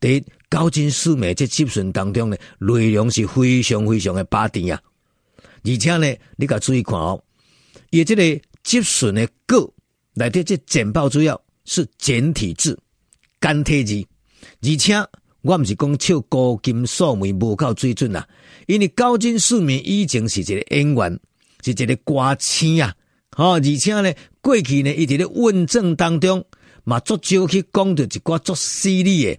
對高金素梅這質詢當中呢，內容是非常非常的霸道啊，而且呢，你較注意看哦，伊這個質詢的個，內底這簡報主要是簡體字、簡體字。而且，我唔是講唱高金素梅唔夠水準啊，因為高金素梅以前是一個演員，是一個歌星啊，好，而且呢，過去呢，伊佇咧問政當中嘛，足少去講到一句足犀利嘅。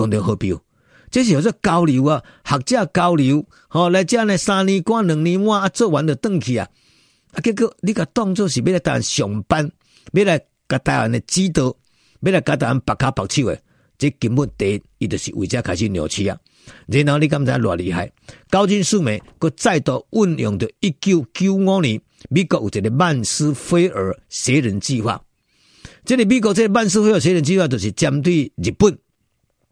同你好標，這是有只交流啊，學者交流，好嚟將呢三年關兩年，我做完就倒去啊。啊，結果你個當作是咩？台灣上班，咩嚟？教台灣嘅指導，咩嚟？教台灣綁腳綁手嘅，即根本第，亦都是為咗開始扭曲啊。然後你剛才咁厲害，高金素美佢再度運用到一九九五年，美國有一個曼斯菲爾學人計劃，即係美國這個曼斯菲爾學人計劃，就是針對日本。